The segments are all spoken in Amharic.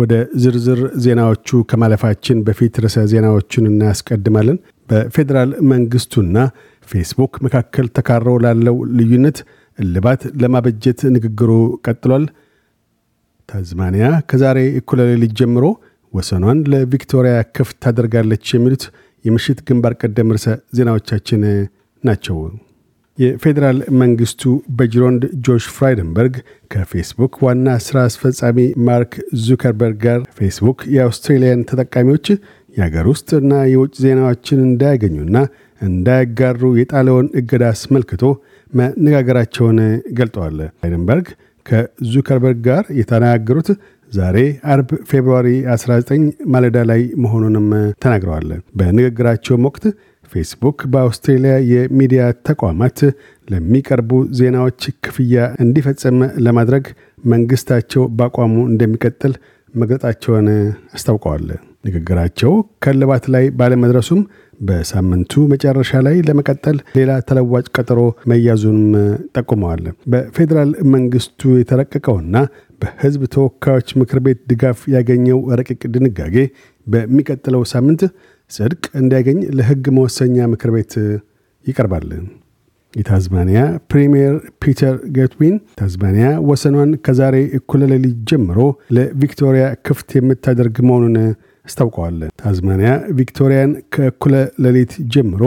ወደ ዝርዝር ዜናዎቹ ከማለፋችን በፊት ርዕሰ ዜናዎቹን እናያስቀድማለን። በፌዴራል መንግስቱና ፌስቡክ መካከል ተካረው ላለው ልዩነት እልባት ለማበጀት ንግግሩ ቀጥሏል። ታዝማኒያ ከዛሬ እኩለሌሊት ጀምሮ ወሰኗን ለቪክቶሪያ ክፍት ታደርጋለች። የሚሉት የምሽት ግንባር ቀደም ርዕሰ ዜናዎቻችን ናቸው። የፌዴራል መንግስቱ በጅሮንድ ጆሽ ፍራይደንበርግ ከፌስቡክ ዋና ሥራ አስፈጻሚ ማርክ ዙከርበርግ ጋር ፌስቡክ የአውስትሬልያን ተጠቃሚዎች የአገር ውስጥና የውጭ ዜናዎችን እንዳያገኙና እንዳያጋሩ የጣለውን እገዳ አስመልክቶ መነጋገራቸውን ገልጠዋል። ፍራይደንበርግ ከዙከርበርግ ጋር የተናገሩት ዛሬ አርብ ፌብርዋሪ 19 ማለዳ ላይ መሆኑንም ተናግረዋል። በንግግራቸውም ወቅት ፌስቡክ በአውስትሬልያ የሚዲያ ተቋማት ለሚቀርቡ ዜናዎች ክፍያ እንዲፈጸም ለማድረግ መንግስታቸው በአቋሙ እንደሚቀጥል መግለጣቸውን አስታውቀዋል። ንግግራቸው ከልባት ላይ ባለመድረሱም በሳምንቱ መጨረሻ ላይ ለመቀጠል ሌላ ተለዋጭ ቀጠሮ መያዙንም ጠቁመዋል። በፌዴራል መንግስቱ የተረቀቀውና በህዝብ ተወካዮች ምክር ቤት ድጋፍ ያገኘው ረቂቅ ድንጋጌ በሚቀጥለው ሳምንት ጽድቅ እንዲያገኝ ለሕግ መወሰኛ ምክር ቤት ይቀርባል። የታዝማኒያ ፕሪምየር ፒተር ጌትዊን ታዝማኒያ ወሰኗን ከዛሬ እኩለ ሌሊት ጀምሮ ለቪክቶሪያ ክፍት የምታደርግ መሆኑን አስታውቀዋል። ታዝማኒያ ቪክቶሪያን ከእኩለ ሌሊት ጀምሮ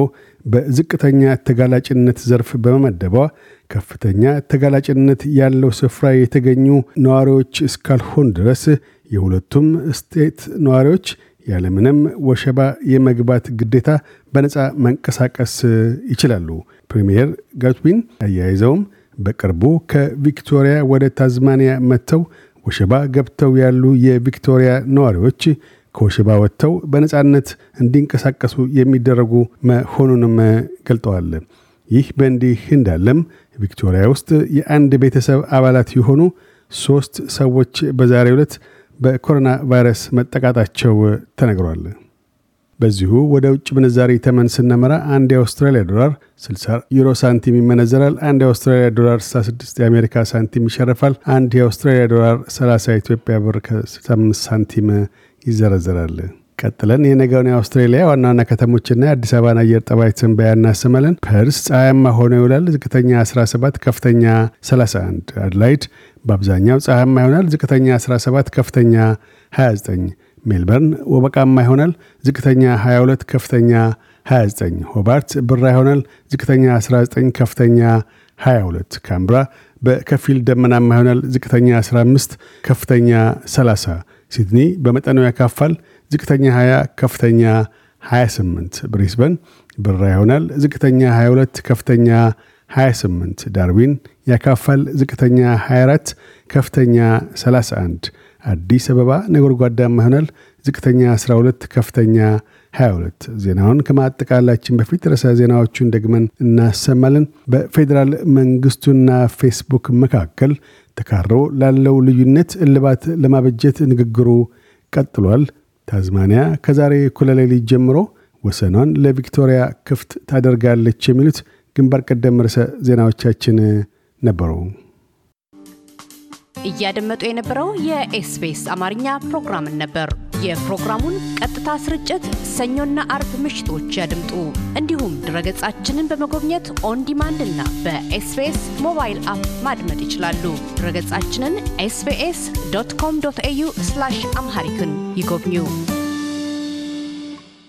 በዝቅተኛ ተጋላጭነት ዘርፍ በመመደቧ ከፍተኛ ተጋላጭነት ያለው ስፍራ የተገኙ ነዋሪዎች እስካልሆን ድረስ የሁለቱም ስቴት ነዋሪዎች ያለምንም ወሸባ የመግባት ግዴታ በነፃ መንቀሳቀስ ይችላሉ። ፕሪምየር ጋትዊን አያይዘውም በቅርቡ ከቪክቶሪያ ወደ ታዝማኒያ መጥተው ወሸባ ገብተው ያሉ የቪክቶሪያ ነዋሪዎች ከወሸባ ወጥተው በነፃነት እንዲንቀሳቀሱ የሚደረጉ መሆኑንም ገልጠዋል። ይህ በእንዲህ እንዳለም ቪክቶሪያ ውስጥ የአንድ ቤተሰብ አባላት የሆኑ ሦስት ሰዎች በዛሬ ዕለት በኮሮና ቫይረስ መጠቃታቸው ተነግሯል። በዚሁ ወደ ውጭ ምንዛሪ ተመን ስናመራ አንድ የአውስትራሊያ ዶላር 60 ዩሮ ሳንቲም ይመነዘራል። አንድ የአውስትራሊያ ዶላር 66 የአሜሪካ ሳንቲም ይሸርፋል። አንድ የአውስትራሊያ ዶላር 30 ኢትዮጵያ ብር ከ65 ሳንቲም ይዘረዘራል። ቀጥለን የነገውን የአውስትሬሊያ ዋና ዋና ከተሞችና የአዲስ አበባን አየር ጠባይ ትንበያ እናስመልን። ፐርስ ፀሐያማ ሆኖ ይውላል። ዝቅተኛ 17፣ ከፍተኛ 31። አድላይድ በአብዛኛው ፀሐያማ ይሆናል። ዝቅተኛ 17፣ ከፍተኛ 29። ሜልበርን ወበቃማ ይሆናል። ዝቅተኛ 22፣ ከፍተኛ 29። ሆባርት ብራ ይሆናል። ዝቅተኛ 19፣ ከፍተኛ 22። ካምብራ በከፊል ደመናማ ይሆናል። ዝቅተኛ 15፣ ከፍተኛ 30 ሲድኒ በመጠኑ ያካፋል። ዝቅተኛ 20፣ ከፍተኛ 28። ብሪስበን ብራ ይሆናል። ዝቅተኛ 22፣ ከፍተኛ 28። ዳርዊን ያካፋል። ዝቅተኛ 24፣ ከፍተኛ 31። አዲስ አበባ ነጎድጓዳማ ይሆናል። ዝቅተኛ 12፣ ከፍተኛ 22። ዜናውን ከማጠቃላችን በፊት ርዕሰ ዜናዎቹን ደግመን እናሰማለን። በፌዴራል መንግስቱና ፌስቡክ መካከል ተካሮ ላለው ልዩነት እልባት ለማበጀት ንግግሩ ቀጥሏል። ታዝማኒያ ከዛሬ ኩለሌሊ ጀምሮ ወሰኗን ለቪክቶሪያ ክፍት ታደርጋለች የሚሉት ግንባር ቀደም ርዕሰ ዜናዎቻችን ነበሩ። እያደመጡ የነበረው የኤስቢኤስ አማርኛ ፕሮግራምን ነበር። የፕሮግራሙን ቀጥታ ስርጭት ሰኞና አርብ ምሽቶች ያድምጡ። እንዲሁም ድረገጻችንን በመጎብኘት ኦንዲማንድ እና በኤስቢኤስ ሞባይል አፕ ማድመ ማድመጥ ይችላሉ። ድረገጻችንን ኤስቢኤስ ዶት ኮም ዶት ኤዩ አምሃሪክን ይጎብኙ።